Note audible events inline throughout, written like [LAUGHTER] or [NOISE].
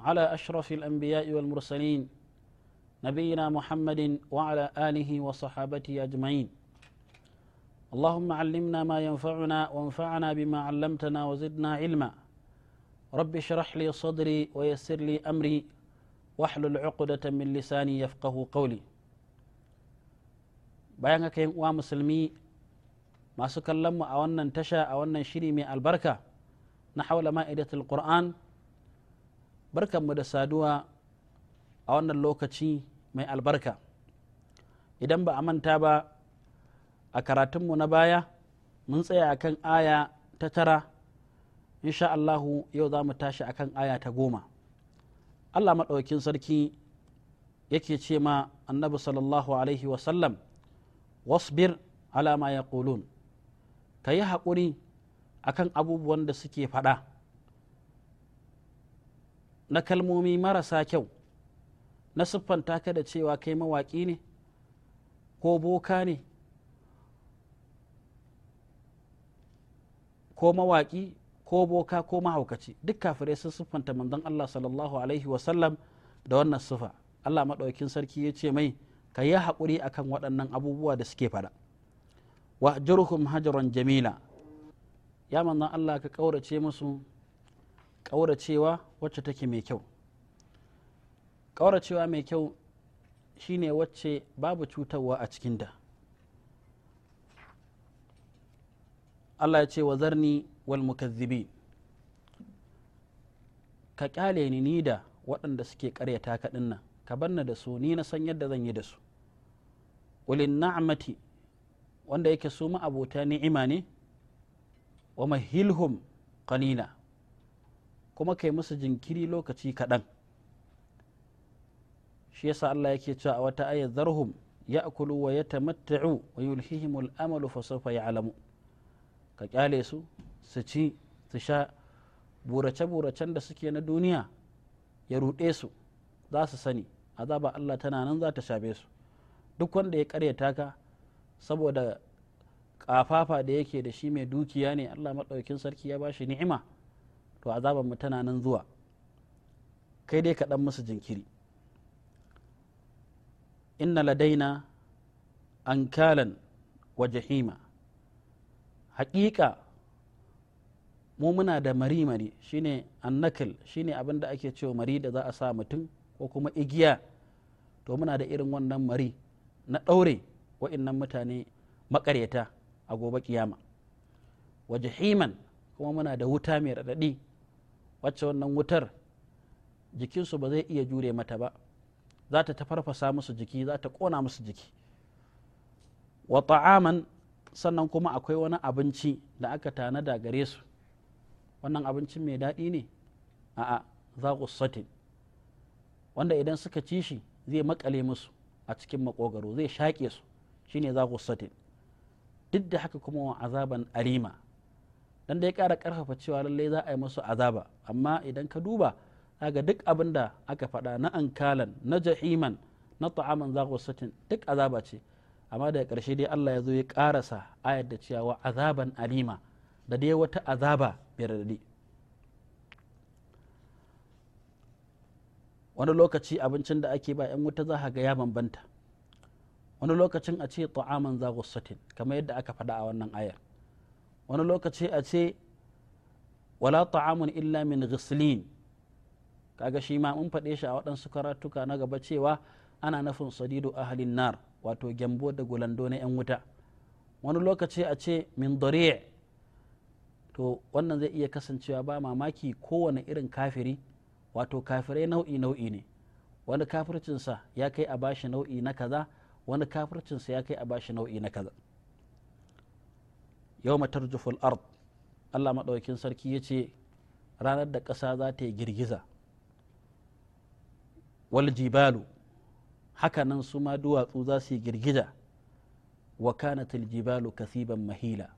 على أشرف الأنبياء والمرسلين نبينا محمد وعلى آله وصحابته أجمعين اللهم علمنا ما ينفعنا وانفعنا بما علمتنا وزدنا علما رب اشرح لي صدري ويسر لي أمري واحلل عقدة من لساني يفقه قولي bayan haka yan uwa musulmi masu kallon mu a wannan tasha a wannan shiri mai albarka na barkanmu da saduwa a wannan lokaci mai albarka idan ba a manta ba a karatunmu na baya mun tsaya akan aya ta tara insha Allahu yau za mu tashi akan aya ta goma Allah maɗaukin sarki yake ce ma annabi sallallahu alaihi wasallam wasbir ala ma ka yi haƙuri akan abubuwan da suke faɗa na kalmomi marasa kyau na siffanta ka da cewa kai mawaƙi ne ko boka ne ko mawaƙi ko boka ko mahaukaci duk kafirai sun siffanta manzon Allah sallallahu alaihi wasallam da wannan siffa Allah maɗaukin sarki ya ce mai ka yi haƙuri akan waɗannan abubuwa da suke faɗa wa jurhum hajaran jamila ya manzon Allah ka ƙaurace musu ƙauracewa wacce take mai kyau ƙauracewa mai kyau shine wacce babu cutarwa a cikinta Allah ya ce wa zarni wal mukazzibi ka kyale ni ni da waɗanda suke ƙaryata kaɗin nan ka banna da su ni na san yadda zan yi da su ulin na'amati wanda yake su ma'abota ni'ima ne wa mahilhum qalila kuma kai musu jinkiri lokaci kaɗan shi yasa Allah yake cewa a wata ayat zarhum ya'kulu wa yatamatta'u wa yulhihim al'amalu fa sawfa ya'lamu ka kyale su su ci su sha burace buracen da suke na duniya ya ruɗe su za su sani azaba Allah tana nan za ta shafe su duk wanda ya karyata ka saboda kafafa da yake da shi mai dukiya ne Allah maɗaukin sarki ya bashi ni'ima to azaban mu tana nan zuwa kai dai ka dan musu jinkiri inna ladaina ankalan wa jahima haƙiƙa mu muna da mari-mari shine annakil shine abin da ake cewa mari da za a sa mutum ko kuma igiya to muna da irin wannan mari na ɗaure wa'innan mutane maƙaryata a gobe kiyama wa jahiman kuma muna da wuta mai raɗaɗi wacce wannan wutar jikinsu ba zai iya jure mata ba za ta tafarfasa musu jiki za ta ƙona musu jiki wa ta'aman sannan kuma akwai wani abinci da aka tanada gare su wannan abincin mai daɗi ne a'a za satin wanda idan suka ci shi zai makale musu a cikin makogaro zai shaƙe su shine za satin duk da haka kuma wa azaban arima dan da ya kara karfafa cewa lallai za a yi musu azaba amma idan ka duba ga duk abin da aka faɗa na ankalan na jahiman na ta'aman za satin duk azaba ce amma daga karshe dai Allah ya zo ya ƙarasa ayar da cewa azaban alima da dai wata azaba birni wani lokaci abincin da ake ba 'yan wuta za ga ya bambanta wani lokacin a ce ta'aman za satin kamar yadda aka faɗa a wannan ayar wani lokaci a ce wala ta'amun illa min ghislin kaga shi ma mun faɗe shi a waɗansu karatuka na gaba cewa ana nufin sadidu ahalin nar wato gyambo da gulando na 'yan wuta wani lokaci a ce min dore to wannan zai iya kasancewa ba mamaki kowane irin kafiri wato kafirai nau'i nau'i ne wani kafircinsa ya kai a bashi nau'i na kaza wani kafircinsa ya kai a bashi nau'i na kaza yau matar ard allah maɗaukin sarki ya ce ranar da ƙasa za ta yi girgiza wal jibalu hakanan su ma duwatsu za su yi girgiza wa kanatil jibalu kasiban mahila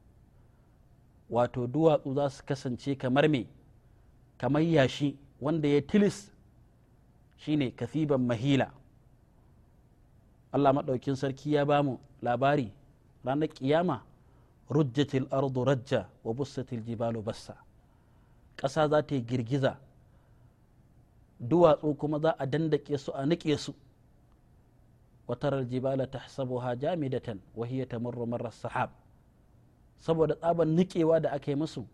wato duwatsu za su kasance kamar me kamar yashi wanda ya tilis shine kasiban mahila allah maɗaukin sarki ya bamu labari ranar ƙiyama. rujjatil ardu rajja wa bussatil jibalu bassa ƙasa za ta yi girgiza duwatsu kuma za a dandaƙe su a niƙe su watarar jibala ta sabuha jamidatan wahiyar ta marar sahab saboda tsaban niƙewa da aka yi musu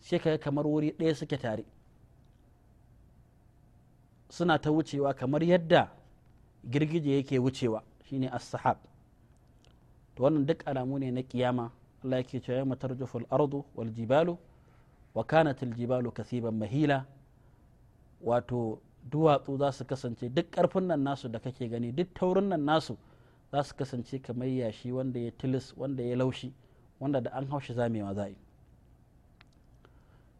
sai kamar wuri ɗaya suke tare suna ta wucewa kamar yadda girgije yake wucewa shine as-sahab to wannan duk alamu ne na ƙiyama. Allah yake cewa yawma tarjufu al-ardu wal jibalu wa kanat al-jibalu kathiban mahila wato duwatsu za su kasance duk karfin nan nasu da kake gani duk taurin nan nasu za su kasance kamar yashi wanda ya tilis wanda ya laushi wanda da an haushi zamewa za'i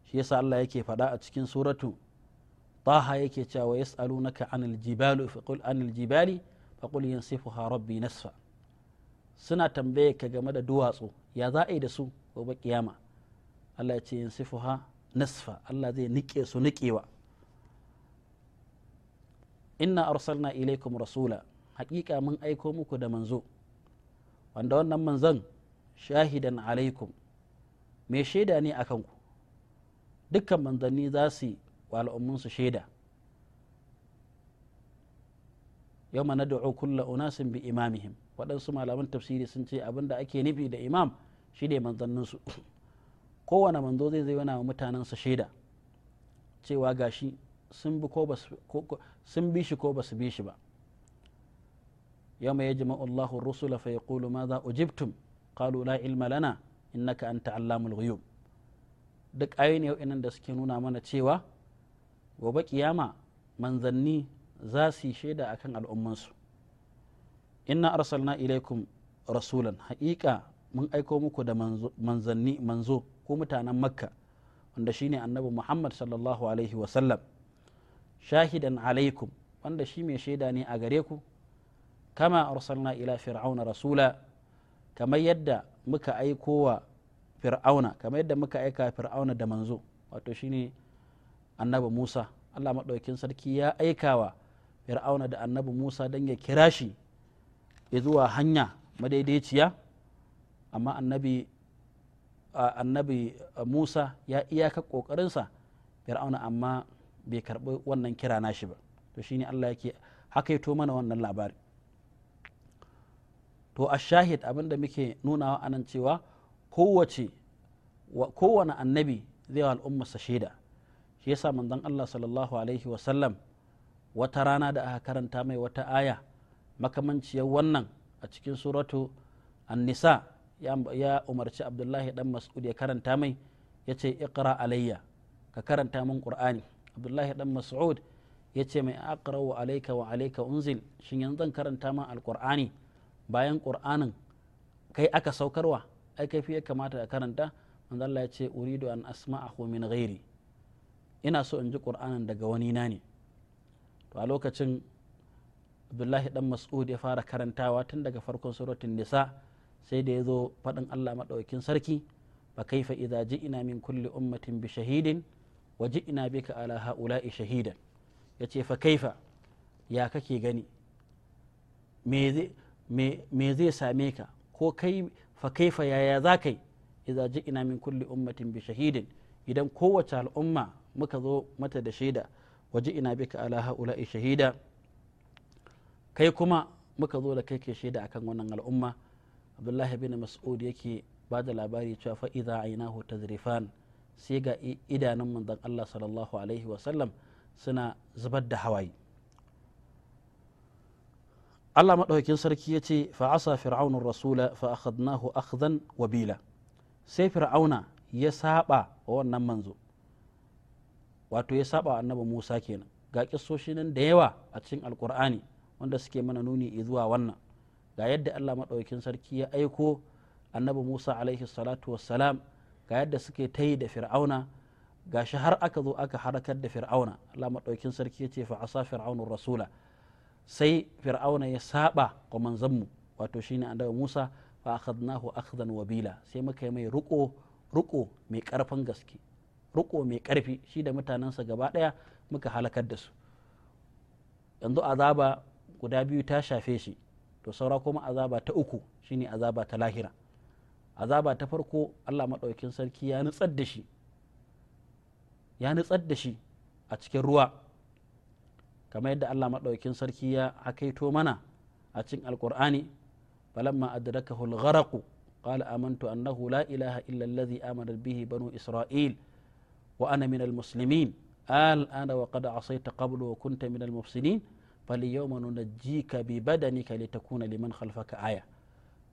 shi yasa Allah yake faɗa a cikin suratu طه يكي يسألونك عن الجبال فقل عن fa فقل ينصفها ربي نسفا suna tambaye ka game da duwatsu ya za a yi da su gobe kiyama Allah ya ce yin sifuha nasfa Allah zai nike su nikewa inna arsalna ilaikum rasula haƙiƙa mun aiko muku da manzo wanda wannan manzon shahidan alaikum mai shaida ne a kanku dukkan manzanni za su yi wa al'ummunsu shaida yau mana da'u kulla unasin bi imamihim waɗansu malaman tafsiri sun ce abin da ake nufi da imam shi ne manzanninsu [COUGHS] kowane manzo zai zai yana wa mutanensa shaida cewa gashi sun bi sun bi shi ko ba su bi shi ba Ya yajma'u Allahu rusula fa yaqulu za ujibtum qalu la ilma lana innaka anta allamul ghuyub duk ayoyin yau inan da suke nuna mana cewa gobe kiyama manzanni za su yi shaida akan al'ummansu inna arsalna ilaikum rasulan haƙiƙa mun aiko muku da manzanni manzo ko mutanen makka wanda shine annabi muhammad sallallahu alaihi wasallam shahidan alaikum wanda shi mai shaida ne a gare ku kama arsalna ila fir'auna rasula kamar yadda muka aiko fir'auna kamar yadda muka aika fir'auna da manzo wato shine annabi musa allah maɗaukin sarki ya aikawa fir'auna da annabi musa don ya kira shi ya zuwa hanya madaidaiciya amma annabi annabi musa ya iyaka ƙoƙarinsa fir'auna amma bai karɓi wannan kira nashi ba to shine allah yake hakaito mana wannan labari to a abin abinda muke nunawa anan cewa kowace kowane annabi zai wa al'ummarsa shaida shi yasa manzon allah sallallahu alaihi wasallam wata rana da aka karanta mai wata aya makamanciyar wannan a cikin suratu an-nisa ya umarci abdullahi dan mas'ud ya karanta mai ya ce iqra alayya ka karanta min qur'ani abdullahi dan mas'ud ya ce mai aqra'u alayka wa alayka unzil shin yanzu zan karanta min alqur'ani bayan qur'anin kai aka saukarwa ai kai ya kamata ka karanta manzo Allah ya ce uridu an asma'ahu min ghairi ina so in ji qur'anin daga wani na ne to a lokacin abdullahi dan mas'ud ya fara karantawa tun daga farkon suratun nisa sai da ya zo faɗin allah maɗaukin sarki fa kaifa idza ina min kulli ummatin bi shahidin wa ji'na bika ala haula'i shahidan ce fa kaifa ya kake gani me zai same ka ko kai fa kaifa yaya za kai idza ina min kulli ummatin bi shahidin idan kowace al'umma muka zo mata da shaida waje ina bika ala haula'i shahida kai kuma muka zo da kai ke shaida akan wannan al'umma abdullahi bin mas'ud yake ba da labari cewa fa'iza ainahu tazrifan sai ga idanun manzon Allah sallallahu alaihi wasallam suna zubar da hawaye Allah maɗaukakin sarki ya ce fa'asa fir'aunun rasula fa'akhadnahu akhdan wabila sai fir'auna ya saba wa wannan manzo wato ya saba annabi Musa kenan ga kissoshi nan da yawa a cikin alkur'ani wanda suke mana nuni zuwa wannan ga yadda Allah maɗaukin sarki ya aiko annabi Musa alaihi salatu wassalam ga yadda suke ta da fir'auna ga shi har aka zo aka harakar da fir'auna Allah maɗaukin sarki ya ce fa asa fir'aunun rasula sai fir'auna ya saba wa manzanmu wato shine annabi Musa fa akhadnahu akhdan wabila sai muka yi mai ruko ruko mai karfin gaske ruko mai karfi shi da mutanensa gaba daya muka halakar da su yanzu azaba guda biyu ta shafe shi to saura kuma azaba ta uku shine azaba ta lahira azaba ta farko Allah maɗaukin sarki ya nutsar da shi ya nutsar da shi a cikin ruwa kamar yadda Allah maɗaukin sarki ya akaito mana a cikin alkur'ani falamma adrakahu al-gharaqu qala amantu annahu la ilaha illa alladhi amana bihi banu isra'il wa ana min al-muslimin al ana wa qad asayta qablu wa kunta min al-mufsidin falyawma nunajjika bi badanika litakuna liman khalfaka aya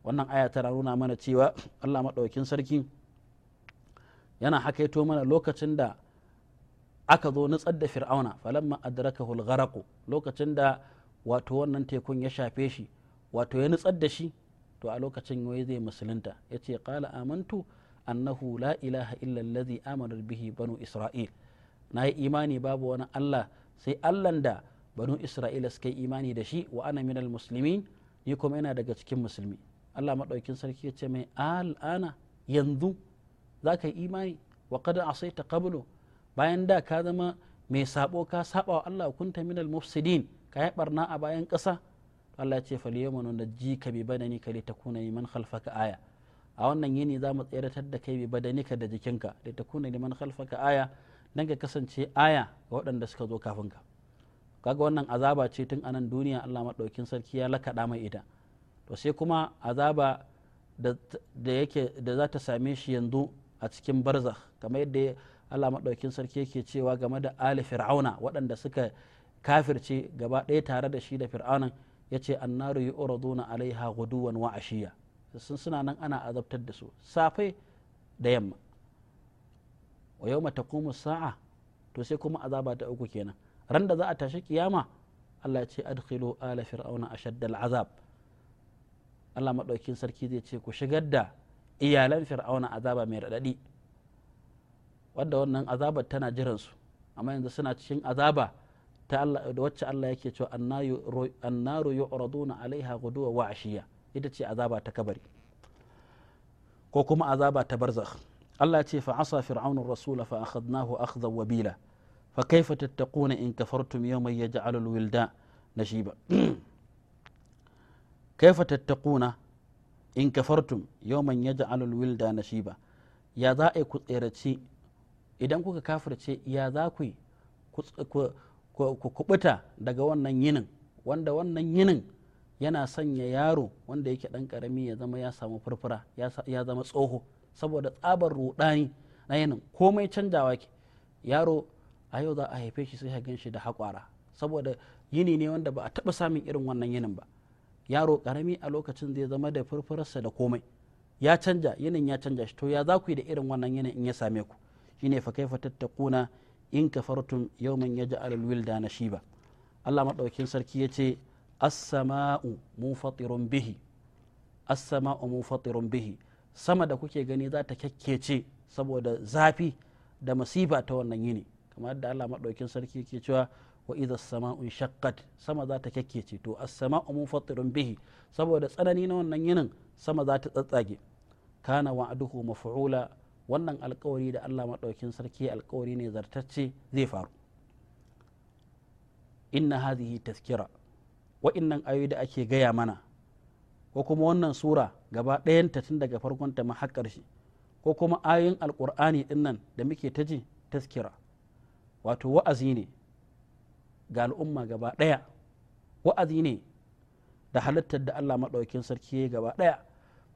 wannan aya tana nuna mana cewa Allah maɗaukin sarki yana hakaito mana lokacin da aka zo nutsar da fir'auna falamma adrakahu lokacin da wato wannan tekun ya shafe shi wato ya nutsar da shi to a lokacin wai zai musulunta yace qala amantu annahu la ilaha illa allazi amanar bihi banu isra'il na yi imani babu wani Allah sai Allah da banu isra'ila suka yi imani da shi wa ana minal muslimin ni kuma yana daga cikin musulmi Allah maɗaukin sarki ya ce mai al'ana yanzu za ka yi imani wa kada asai ta kabulu bayan da ka zama mai sabo ka saba wa Allah kunta minal mufsidin ka yi barna a bayan ƙasa Allah ya ce ji ka bi badanika litakuna liman khalfaka aya a wannan yini za mu tseratar da kai bi badanika da jikinka litakuna liman khalfaka aya dan ka kasance aya ga waɗanda suka zo kafin ka kaga wannan azaba ce tun anan duniya Allah maɗaukin sarki ya lakaɗa mai ita to sai kuma azaba da yake da za ta same shi yanzu a cikin barza kamar yadda Allah maɗaukin sarki yake cewa game da ali fir'auna waɗanda suka kafirce gaba ɗaya tare da shi da fir'aunan ya ce annaru yi uraduna alaiha guduwan wa ashiya sun suna nan ana azabtar da su safe da yamma wa yau mata sa'a to sai kuma azaba ta uku kenan ran da za a tashi kiyama Allah ce adkhilu ala fir'auna ashaddal azab Allah madaukin sarki zai ce ku shigar da iyalan fir'auna azaba mai radadi wanda wannan azabar tana jiran su amma yanzu suna cikin azaba ta Allah da wacce Allah yake cewa annaru yu'raduna alaiha guduwa wa ashiya ita ce azaba ta kabari ko kuma azaba ta barzakh Allah ce fa asa fir'aunur rasula fa akhadnahu akhdhan wabila fa kaifa tattaquna in kafartum yawman yaj'alu al-wilda nashiba kaifa tattaquna in kafartum yawman yaj'alu wilda nashiba ya za ku idan kuka kafirce ya za ku kubuta daga wannan yinin wanda wannan yinin yana sanya yaro wanda yake dan karami ya zama ya samu furfura ya zama tsoho saboda tsabar rudani na yinin komai canjawa ke yaro a yau za a haife shi sai gan shi da haƙwara saboda yini ne wanda ba a taɓa samun irin wannan yinin ba yaro ƙarami a lokacin zai zama da furfurarsa da komai ya canja yinin ya canja shi to ya za ku yi da irin wannan yinin in ya same ku shine fa kai fa tattakuna in ji yawman da na shi ba Allah madaukin sarki yace as-sama'u mufatirun bihi as-sama'u bihi sama da kuke gani za ta kyakkece saboda zafi da masifa ta wannan yini kamar yadda Allah madaukin sarki ke cewa wa idha sama'u shaqqat sama za ta kyakkece to as-sama'u munfatirun bihi saboda tsanani na wannan yinin sama za ta tsatsage kana wa'aduhu maf'ula wannan alkawari da Allah madaukin sarki alkawari ne zartacce zai faru inna hadhihi tazkira innan ayoyi da ake gaya mana ko kuma wannan sura gaba ɗayanta tun daga farkon ta mahakkar shi ko kuma ayoyin alƙur'ani ɗin nan da muke ta ji taskira wato wa'azi ne ga al'umma gaba ɗaya wa'azi ne da halittar da Allah maɗaukin sarki ya gaba ɗaya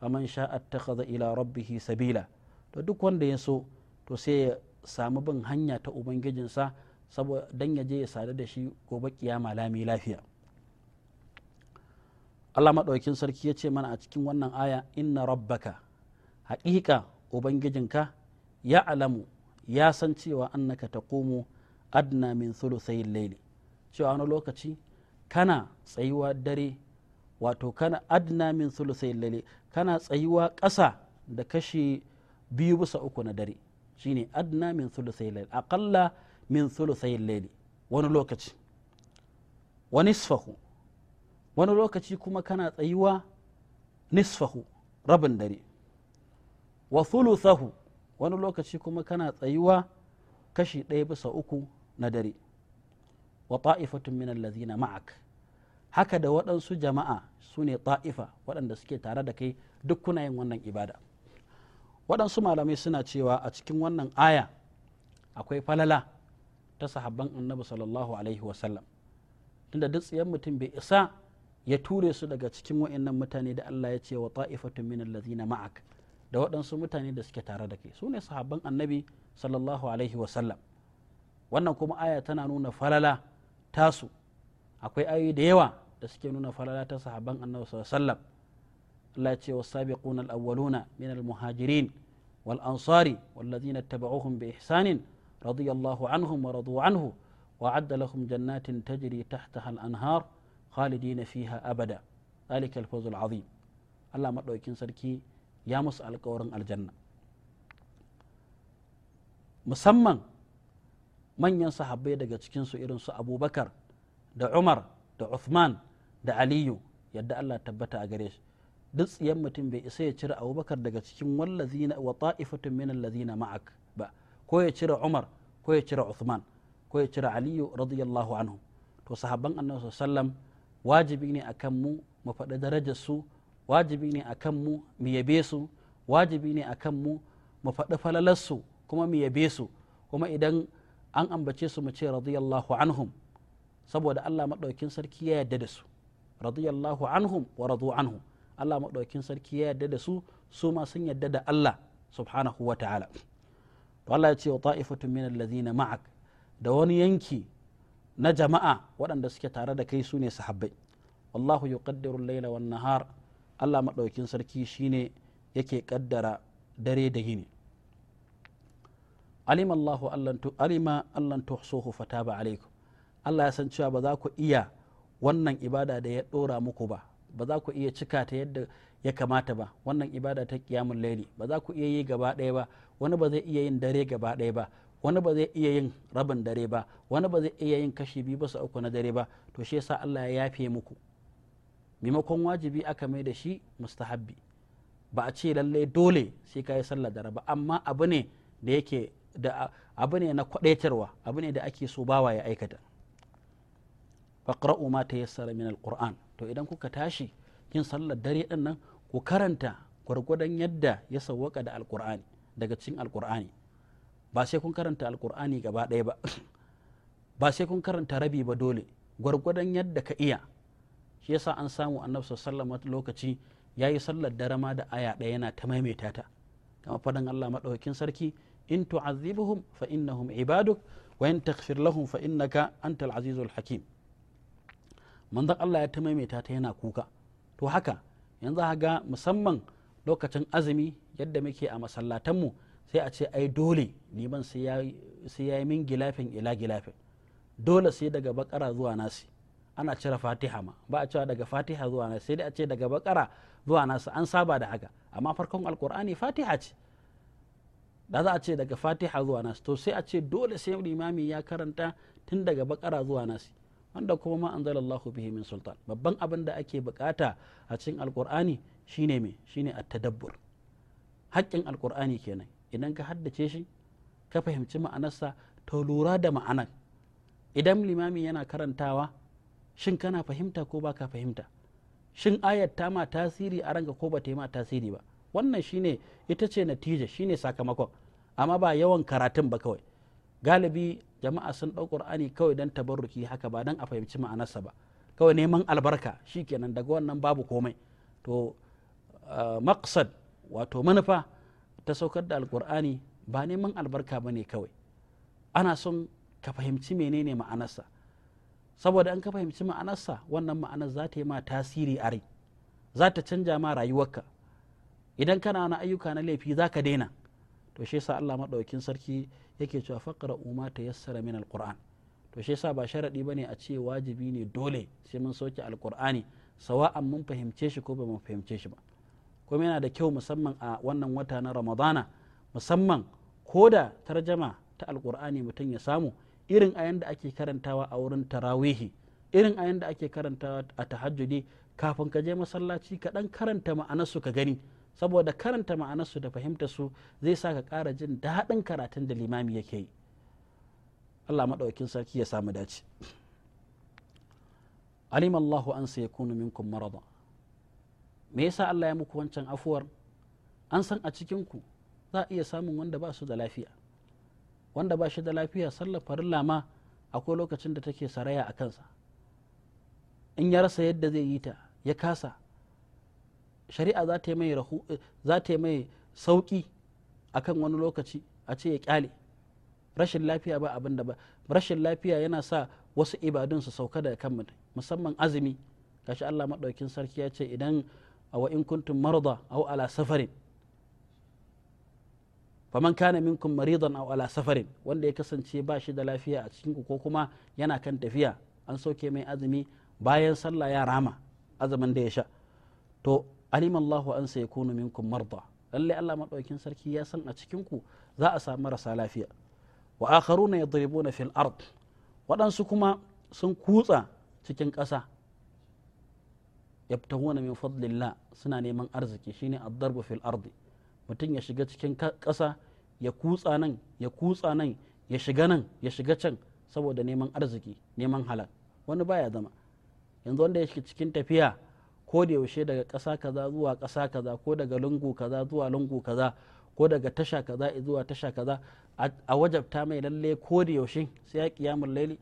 faman ta kaza ila rabbihi sabila to duk wanda ya so to sai ya sami bin hanya ta ubangijinsa saboda dan ya je ya sadu da shi gobe kiyama lami lafiya Allah maɗaukin sarki ya ce mana a cikin wannan aya inna rabbaka haƙiƙa ubangijinka ya alamu ya san cewa annaka komo. adna min thuluthayin laili cewa wani lokaci kana tsayuwa dare wato kana adna min thuluthayin laili kana tsayuwa ƙasa da kashi biyu bisa uku na dare shine adna min thuluthayin laili Aƙalla min thuluthayin laili wani lokaci wa nisfahu wani lokaci kuma kana tsayuwa nisfahu rabin dare wa thuluthahu wani lokaci kuma kana tsayuwa kashi ɗaya bisa uku na dare wa ta'ifatun min allazina ma'ak haka da waɗansu jama'a su ne ta'ifa waɗanda suke tare da kai duk kuna yin wannan ibada waɗansu malamai suna cewa a cikin wannan aya akwai falala ta sahabban annabi sallallahu alaihi wasallam tunda duk tsayen mutum bai isa ya ture su daga cikin wa'annan mutane da Allah ya ce wa ta'ifatun min allazina ma'ak da waɗansu mutane da suke tare da kai su ne sahabban annabi sallallahu alaihi wasallam wannan kuma aya tana nuna falala tasu akwai ayoyi da yawa da suke nuna falala ta sahabban annabi sallallahu Allah ya ce wasabiquna al-awwaluna min al-muhajirin wal ansari wallazina tabauhum bi ihsanin radiyallahu anhum wa radu anhu وأعد لهم جنات تجري تحتها الأنهار خالدين فيها أبدا ذلك الفوز العظيم الله مدوكين سركي يا مسأل قورن الجنة مسمى manyan sahabbai daga cikinsu irin su abubakar da umar da uthman da aliyu yadda allah tabbata a gare shi duk tsiyan mutum bai isa ya cire abubakar daga cikin wallazina wa ta'ifatun min allazina ma'ak ba ko ya cire umar ko ya cire uthman ko ya cire aliyu radiyallahu anhu to sahabban annabi sallam wajibi ne akan mu mu faɗi darajar su wajibi ne akan mu mu yabe su wajibi ne akan mu mu faɗi falalar su kuma mu yabe su kuma idan an ambace su mu ce radiyallahu anhum saboda Allah maɗaukin sarki ya yarda da su radiyallahu anhum wa radu anhu Allah maɗaukin sarki ya yarda da su su ma sun yarda da Allah subhanahu wa ta'ala to Allah ya ce wa taifatu min allazina ma'ak da wani yanki na jama'a waɗanda suke tare da kai su ne sahabbai wallahu yuqaddiru al-laila wan nahar Allah maɗaukin sarki shine yake kaddara dare da yini alima Allahu alima allan tuhsuhu ba alaikum Allah ya san cewa ba za ku iya wannan ibada da ya ɗora muku ba ba za ku iya cika ta yadda ya kamata ba wannan ibada ta kiyamun laili ba za ku iya yi gaba ɗaya ba wani ba zai iya yin dare gaba ɗaya ba wani ba zai iya yin rabin dare ba wani ba zai iya yin kashi biyu ba uku na dare ba to shi yasa Allah ya yafe muku maimakon wajibi aka mai da shi mustahabbi ba a ce lallai dole sai ka yi sallar dare ba amma abu ne da yake da abu ne na kwadaitarwa abu ne da ake so bawa ya aikata faqra'u ma tayassara min alquran to idan kuka tashi yin sallar dare din nan ku karanta gwargwadon yadda ya sawwaka da alqur'ani daga cikin alqur'ani ba sai kun karanta alqur'ani gaba ɗaya ba [COUGHS] ba sai kun karanta rabi ba dole gwargwadon yadda ka iya shi yasa an samu annabi sallallahu alaihi lokaci yayi sallar dare ma da aya ɗaya yana ta maimaita ta kama faɗin Allah maɗaukakin sarki in tu'azzibuhum fa innahum ibaduk wa in taghfir lahum fa innaka antal azizul hakim manzon Allah ya ta maimaita ta yana kuka to haka yanzu ga musamman lokacin azumi yadda muke a masallatan mu sai a ce ai dole neman sai ya min gilafin ila gilafin dole sai daga bakara zuwa nasi ana cire fatiha ma ba a cewa daga fatiha zuwa na sai dai a ce daga bakara zuwa nasu an saba da haka amma farkon alkur'ani fatiha ce da za a ce daga fatiha zuwa nasu to sai a ce dole sai limami ya karanta tun daga bakara zuwa nasi wanda kuma ma anzalallahu bihi min sultan babban abin da ake bukata a cikin alkur'ani shine me shine at-tadabbur haƙƙin alkur'ani kenan idan ka haddace shi ka fahimci ma'anarsa to lura da ma'anar idan limami yana karantawa shin kana fahimta ko baka fahimta shin ayat ta ma tasiri a ranka ko ba ta yi ma tasiri ba wannan shine ita ce natija shine sakamakon amma ba yawan karatun ba kawai galibi jama'a sun ɗau ƙur'ani kawai don tabarruki haka ba dan a fahimci ma'anarsa ba kawai neman albarka shikenan daga wannan babu komai to ah, maqsad wato manufa ta saukar da alƙur'ani ba neman albarka ba ne kawai ana son ka fahimci menene ma'anarsa saboda an ka fahimci ma'anarsa wannan ma'anar za ta yi ma tasiri a rai za ta canja ma rayuwarka idan kana na ayyuka na laifi za ka daina to shi yasa Allah maɗaukin sarki yake cewa faqra umma ta yassara min alquran to shi yasa ba sharadi bane a ce wajibi ne dole sai mun soke alqur'ani sawa'an mun fahimce shi ko ba mun fahimce shi ba kuma yana da kyau musamman a wannan wata na ramadana musamman ko da tarjama ta alqur'ani mutum ya samu irin ayan da ake karantawa a wurin tarawihi irin ayan da ake karantawa a tahajjudi kafin ka je masallaci ka dan karanta ma'anarsu ka gani saboda karanta ma'anarsu da fahimta su zai sa ka ƙara jin daɗin karatun da limami yake yi Allah maɗaukin sarki ya samu dace alim Allahu an sai yakunu minkum marada me yasa Allah ya muku wancan afuwar an san a cikin ku za a iya samun wanda ba su da lafiya wanda ba shi da lafiya sallar farilla ma akwai lokacin da take saraya a kansa in ya rasa yadda zai yi ta ya kasa shari'a za ta yi mai za ta kan akan wani lokaci a ce ya kyale rashin lafiya ba abin da ba rashin lafiya yana sa wasu ibadun su sauka daga kan mutum musamman azumi gashi Allah maɗaukin sarki ya ce idan a wa in kuntum marda aw ala safarin faman kana minkum maridan aw ala safarin wanda ya kasance ba shi da lafiya a cikin ku ko kuma yana kan tafiya an soke mai azumi bayan sallah ya rama azumin da ya sha to alim Allahu an sai yakunu minkum marda lalle Allah madaukin sarki ya san a cikin ku za a samu marasa lafiya wa akharuna yadribuna fil ard waɗansu kuma sun kutsa cikin ƙasa yabtahuna min fadlillah suna neman arziki shine ad-darbu fil ardi mutum ya shiga cikin ƙasa ya kutsa nan ya kutsa nan ya shiga nan ya shiga can saboda neman arziki neman halal wani baya zama yanzu wanda ya shiga cikin tafiya ko da yaushe daga ƙasa kaza zuwa ƙasa kaza ko daga lungu kaza zuwa lungu kaza ko daga tasha kaza zuwa tasha kaza a wajabta mai lalle ko da yaushe sai ya kiyamul laili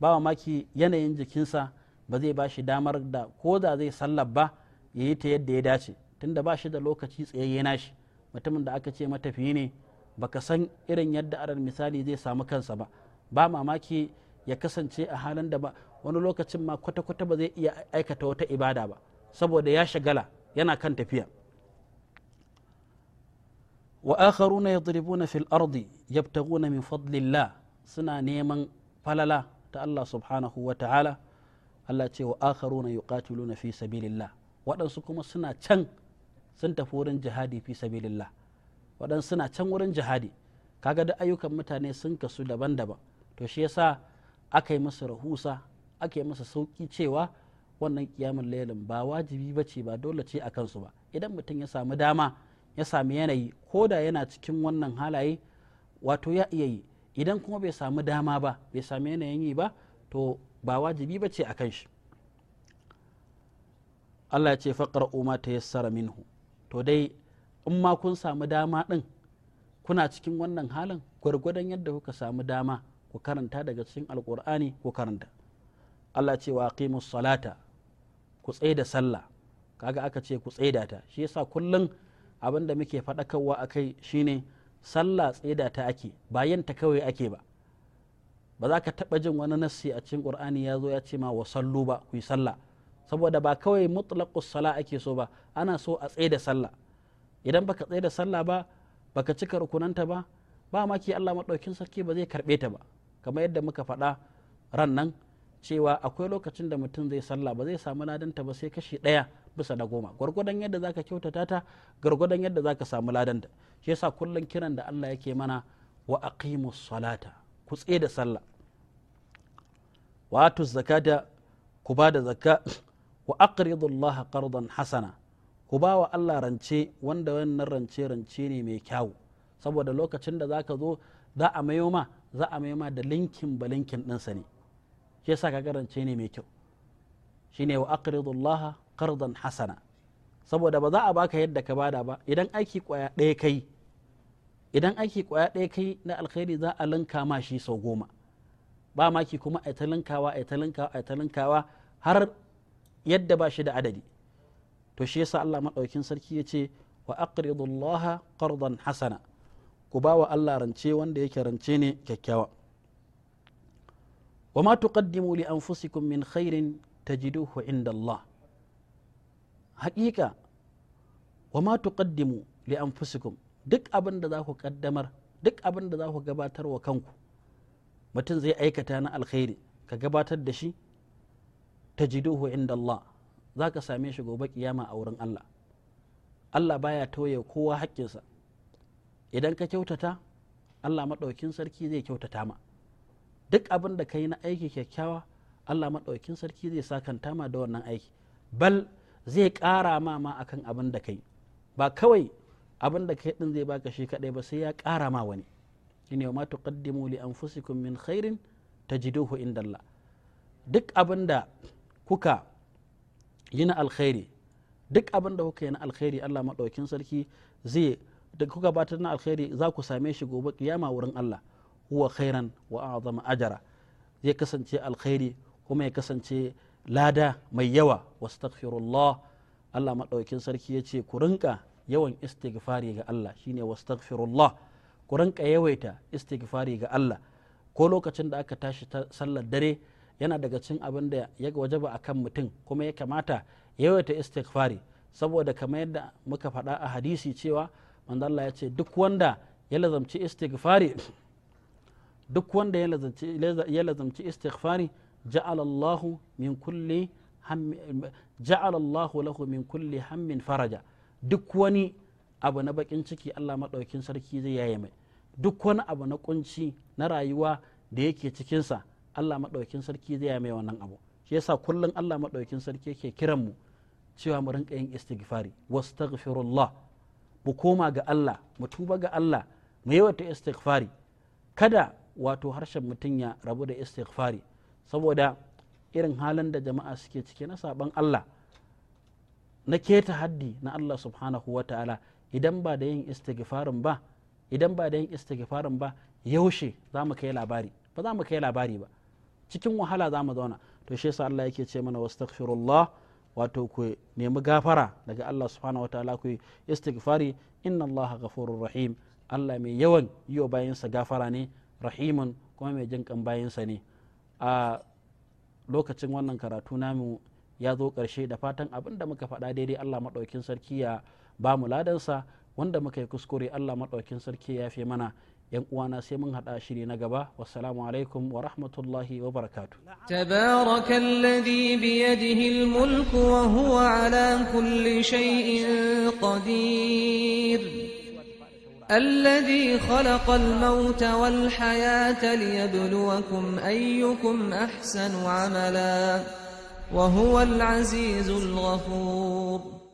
ba maki yanayin jikinsa ba zai ba shi damar da ko da zai sallar ba ya yi ta yadda ya dace tunda ba shi da lokaci tsayayye nashi shi mutumin da aka ce matafiyi ne baka san irin yadda aran misali zai samu kansa ba ba mamaki ya kasance a halin da ba wani lokacin ma kwata-kwata ba zai iya aikata wata ibada ba saboda ya shagala yana kan tafiya wa akharuna yadribuna fil ardi yabtaguna min fadlillah suna neman falala ta Allah subhanahu wa ta'ala Allah ce wa akharuna yuqatiluna fi sabilillah waɗansu kuma suna can sun tafi wurin jihadi fi sabilillah waɗan suna can wurin jihadi kaga da ayyukan mutane sun kasu daban-daban to shi yasa aka yi musu rahusa aka yi masa sauki cewa wannan kiyamun lailin ba wajibi ba ce ba dole ce a kansu ba idan mutum ya samu dama ya sami yanayi ko da yana cikin wannan halaye wato ya iya yi idan kuma bai samu dama ba bai sami yanayin yi ba to ba wajibi ba ce a kan shi Allah ya ce faƙar umma ta yassara minhu to dai in ma kun samu dama ɗin kuna cikin wannan halin gwargwadon yadda kuka samu dama ku karanta daga cikin alkur'ani ku karanta allah ce wa salata ku da sallah kaga aka ce ku tsaida ta shi yasa kullum abin da muke faɗakarwa a kai shine sallah tsedata ta ake bayan ta kawai ake ba ba za ka taɓa jin wani nassi a cikin qur'ani ya zo ya ce ma wa sallu ba ku yi sallah saboda ba kawai mutlaku sala ake so ba ana so a tsaye da sallah idan baka tsaye da sallah ba baka cika rukunanta ba ba maki Allah madaukin sarki ba zai karbe ta ba kamar yadda muka faɗa ran nan cewa akwai lokacin da mutum zai sallah ba zai samu ladanta ba sai kashi ɗaya bisa da goma gwargwadon yadda zaka kyautata ta gwargwadon yadda zaka samu ladanta shi yasa kullum kiran da Allah yake mana wa aqimus salata ku tsaye da sallah wa atuz zakata ku ba da zakka wa aqridu Allah qardan hasana ku ba wa Allah rance wanda wannan rance rance ne mai kyau saboda lokacin da zaka zo za a mayo ma za a mayo ma da linkin balinkin ɗinsa ne shi yasa ka rance ne mai kyau shine wa aqridu Allah qardan hasana saboda ba za a baka yadda ka bada ba idan aiki kwaya ɗaya kai idan aiki kwaya ɗaya kai na alkhairi za a linka ma shi sau goma ba maki kuma a talinkawa a talinkawa a talinkawa har yadda ba shi da adadi to shi yasa Allah maɗaukin sarki ya ce wa aqridullaha qardan hasana ku ba wa Allah rance wanda yake rance ne kyakkyawa wa ma tuqaddimu li anfusikum min khairin tajiduhu inda Allah haƙiƙa wa ma tuqaddimu li anfusikum duk abin da za ku kaddamar duk abin da za ku gabatar wa kanku mutum zai aikata na alkhairi ka gabatar da shi tajiduhu inda Allah za ka same shi gobe kiyama a wurin Allah Allah baya tauye kowa haƙƙinsa idan ka kyautata Allah maɗaukin sarki zai kyautata ma duk abin da ka na aiki kyakkyawa Allah maɗaukin sarki zai sakanta ma da wannan aiki bal zai ƙara ma ma akan abin da ka ba kawai abin da kai yi ɗin zai baka shi kaɗai ba sai ya kara ma wani shine ma tuqaddimu li anfusikum min khairin tajiduhu indallah duk abin da kuka yi na alkhairi duk abin da kuka yi na alkhairi Allah maɗaukin sarki zai da kuka batar na alkhairi za ku same shi gobe kiyama wurin Allah huwa khairan wa a'zama ajara zai kasance alkhairi kuma ya kasance lada mai yawa wastaghfirullah Allah maɗaukin sarki ya ce ku rinka yawan istighfari ga Allah shine wastaghfirullah ku rinka yawaita istighfari ga Allah ko lokacin da aka tashi sallar dare yana daga cin abin da ya waje ba a kan mutum kuma ya kamata yawaita istighfari saboda kamar yadda muka faɗa a hadisi cewa manzo Allah ya ce duk wanda ya lazamci istighfari [LAUGHS] duk wanda ya lazamci istighfari ja'alallahu min kulli lahu min kulli hammin faraja duk wani abu na bakin ciki Allah maɗaukin sarki zai yaye mai duk wani abu na kunci na rayuwa da yake cikinsa Allah maɗaukin sarki zai yi mai wannan abu shi yasa kullum Allah maɗaukin sarki yake kiran mu cewa mu rinka yin istighfari wastaghfirullah mu koma ga Allah mu tuba ga Allah mu yi wata istighfari kada wato harshen mutum ya rabu da istighfari saboda irin halin da jama'a suke ciki na saban Allah na keta haddi na Allah subhanahu wa ta'ala idan ba da yin istighfarin ba idan ba da yin istighfarin ba yaushe za mu kai labari ba za mu kai labari ba cikin wahala za mu zauna to shi yasa Allah yake ce mana wastaghfirullah wato ku nemi gafara daga Allah subhanahu wataala ku istighfari inna Allah ghafurur rahim Allah mai yawan yi wa bayansa gafara ne rahimun kuma mai jin kan bayansa ne a lokacin wannan karatu namu ya zo ƙarshe da fatan abin da muka faɗa daidai Allah maɗaukin sarki ya ba mu ladansa wanda muka yi kuskure Allah maɗaukin sarki ya fi mana yan uwana sai mun haɗa shiri na gaba wassalamu alaikum wa rahmatullahi wa barakatu tabarakallazi biyadihi almulku wa huwa ala kulli shay'in qadir الذي خلق الموت والحياة ليبلوكم أيكم أحسن عملا وهو العزيز الغفور